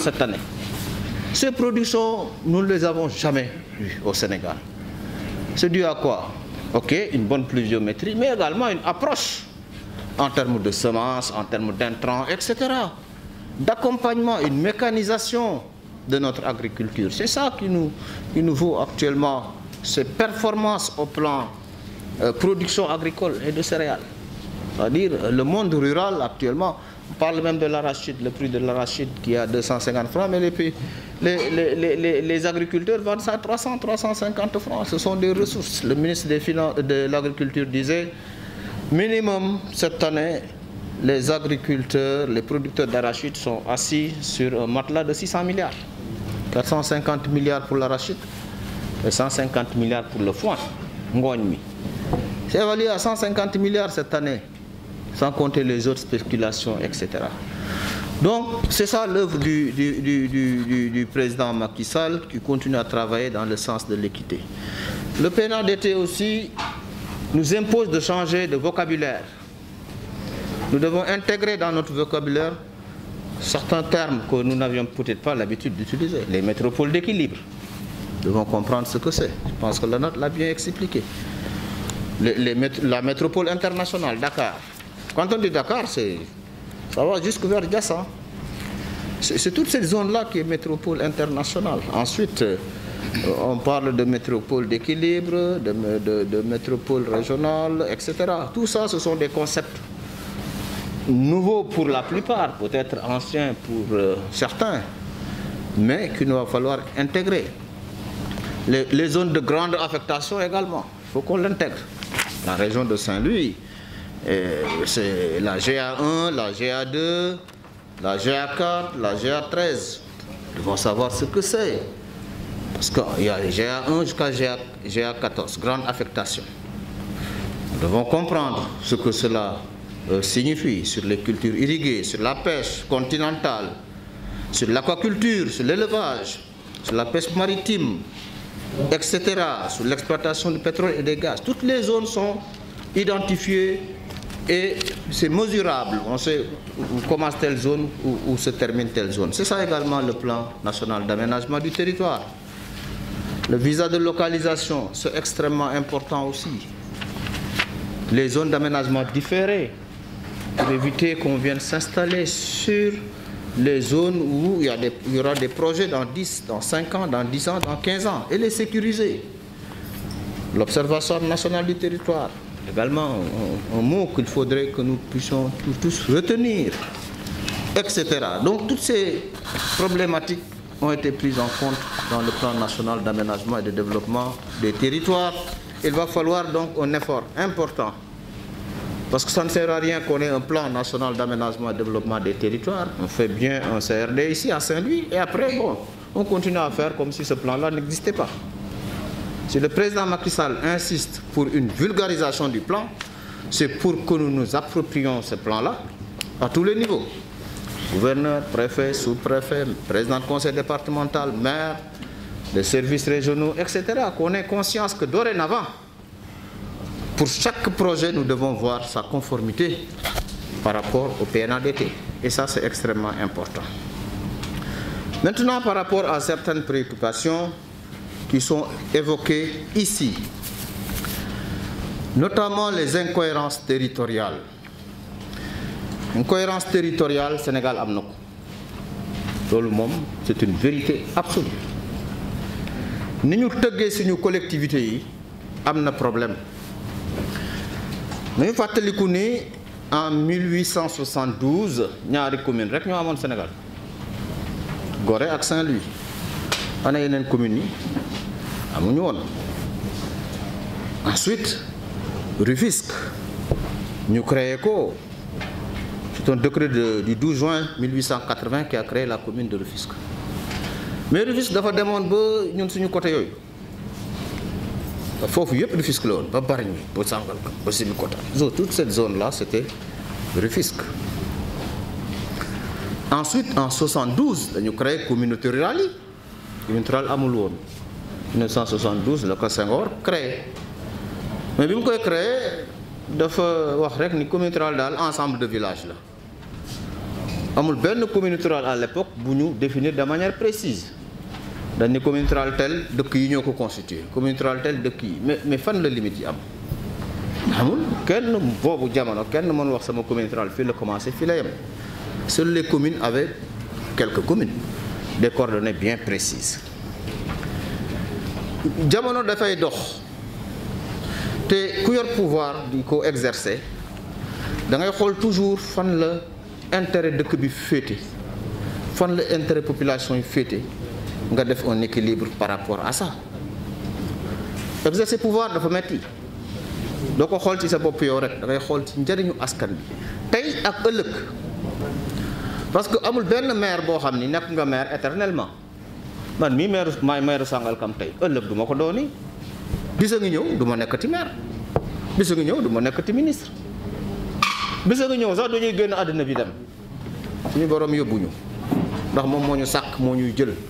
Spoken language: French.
cette année. Ces productions, nous ne les avons jamais vues au Sénégal. C'est dû à quoi Ok, une bonne pluviométrie, mais également une approche en termes de semences, en termes d'intrants, etc. D'accompagnement, une mécanisation de notre agriculture. C'est ça qui nous, nous vaut actuellement ces performances au plan euh, production agricole et de céréales. C'est-à-dire, le monde rural actuellement, on parle même de l'arachide, le prix de l'arachide qui est à 250 francs, mais les, les, agriculteurs vendent ça à 300, 350 francs. Ce sont des ressources. Le ministre de l'Agriculture disait, minimum cette année, les agriculteurs, les producteurs d'arachide sont assis sur un matelas de 600 milliards. 450 milliards pour l'arachide et 150 milliards pour le foin, C'est évalué à 150 milliards cette année sans compter les autres spéculations, etc. Donc, c'est ça l'œuvre du, président Macky Sall qui continue à travailler dans le sens de l'équité. Le d'été aussi nous impose de changer de vocabulaire. Nous devons intégrer dans notre vocabulaire certains termes que nous n'avions peut-être pas l'habitude d'utiliser. Les métropoles d'équilibre. Nous devons comprendre ce que c'est. Je pense que la note l'a bien expliqué. la métropole internationale, Dakar, quand on dit Dakar, ça va jusqu'au vers C'est toute cette zone-là qui est métropole internationale. Ensuite, euh, on parle de métropole d'équilibre, de, métropole régionale, etc. Tout ça, ce sont des concepts nouveaux pour la plupart, peut-être anciens pour euh, certains, mais qu'il va falloir intégrer. Les, les zones de grande affectation également, il faut qu'on l'intègre. La région de Saint-Louis, c'est la GA1, la GA2, la GA4, la GA13. nous vont savoir ce que c'est. Parce qu'il y a GA1 jusqu'à GA14, grande affectation. Nous devons comprendre ce que cela euh, signifie sur les cultures irriguées, sur la pêche continentale, sur l'aquaculture, sur l'élevage, sur la pêche maritime, etc., sur l'exploitation du pétrole et des gaz. Toutes les zones sont identifiées et c'est mesurable. On sait où commence telle zone, où, où se termine telle zone. C'est ça également le plan national d'aménagement du territoire. Le visa de localisation, c'est extrêmement important aussi. Les zones d'aménagement différées, pour éviter qu'on vienne s'installer sur les zones où il y, aura des projets dans 10, dans 5 ans, dans 10 ans, dans 15 ans, et les sécuriser. L'Observatoire national du territoire, également un, mot qu'il faudrait que nous puissions tous retenir, etc. Donc toutes ces problématiques ont été prises en compte dans le plan national d'aménagement et de développement des territoires. Il va falloir donc un effort important, parce que ça ne sert à rien qu'on ait un plan national d'aménagement et de développement des territoires. On fait bien un CRD ici à Saint-Louis, et après, bon, on continue à faire comme si ce plan-là n'existait pas. Si le président Macky Sall insiste pour une vulgarisation du plan, c'est pour que nous nous approprions ce plan-là à tous les niveaux. Gouverneur, préfet, sous-préfet, président du conseil départemental, maire, des services régionaux, etc. Qu'on ait conscience que dorénavant, pour chaque projet, nous devons voir sa conformité par rapport au PNADT. Et ça, c'est extrêmement important. Maintenant, par rapport à certaines préoccupations qui sont évoquées ici, notamment les incohérences territoriales. Incohérence territoriale, Sénégal na ko c'est une vérité absolue Nous sommes tëggee suñu collectivités yi am problème mais avons ni en 1872 ñaari commune rek ñoo amoon Sénégal Gorée et Saint-Louis communes ensuite Rufisque nous créé c'est un décret du 12 juin 1880 qui a créé la commune de Rufisque mais Rufisque dafa demoon ba ñun suñu côté Il faut le Rufisque la woon ba ba le Donc toute cette zone là c'était Rufisque ensuite en nous créons créé communauté rurale La communauté rurale 1972 le conseil créé mais quand il est créé commune créé ensemble de village à l'époque pour définir de manière précise dañ commune tel mais mais fan le limite amul kenn jamono kenn commune seules les communes avaient quelques communes des coordonnées bien précises jamono fay dox té ku yor pouvoir diko exercer da ngay xol toujours fan la intérêt dëkk bi fété fan la intérêt population fété nga def un équilibre par rapport à ça exercer pouvoir dafa metti doo ko xool ci sa bop yow rek da ngay xol ci njariñu askan bi tay ak ëllëg parce que amul ben maire bo xamni ni nga maire éternellement man mi mer may mer sangal kam tay ëlëb duma ko doni bisa nga ñew duma nekati mer bisa nga ñew duma nekati ministre bisa nga ñew sax dañuy gën aduna bi dem suñu borom yobuñu ndax mom moñu sak moñu jël